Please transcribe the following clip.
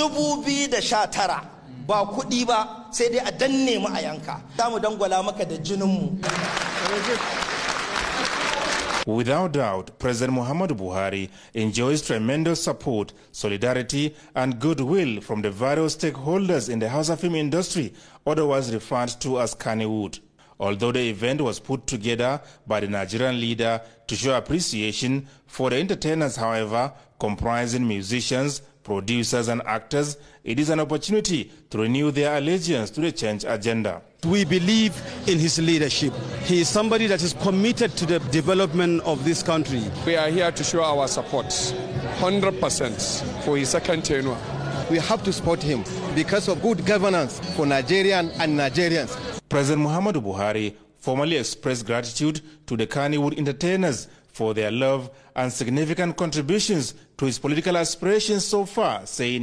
dubu biyu da sha tara ba kuɗi ba sai dai a danne mu a yanka za mu dangwala maka da jininmu Without doubt, President Muhammad Buhari enjoys tremendous support, solidarity, and goodwill from the various stakeholders in the House of Film industry, otherwise referred to as Kannywood although the event was put together by the Nigerian leader to show appreciation for the entertainers, however, comprising musicians, producers and actors, it is an opportunity to renew their allegiance to the change agenda. We believe in his leadership. He is somebody that is committed to the development of this country. We are here to show our support, 100% for his second tenure. We have to support him because of good governance for Nigerian and Nigerians. President Muhammadu Buhari formally expressed gratitude to the Kannywood entertainers for their love and significant contributions to his political aspirations so far, saying,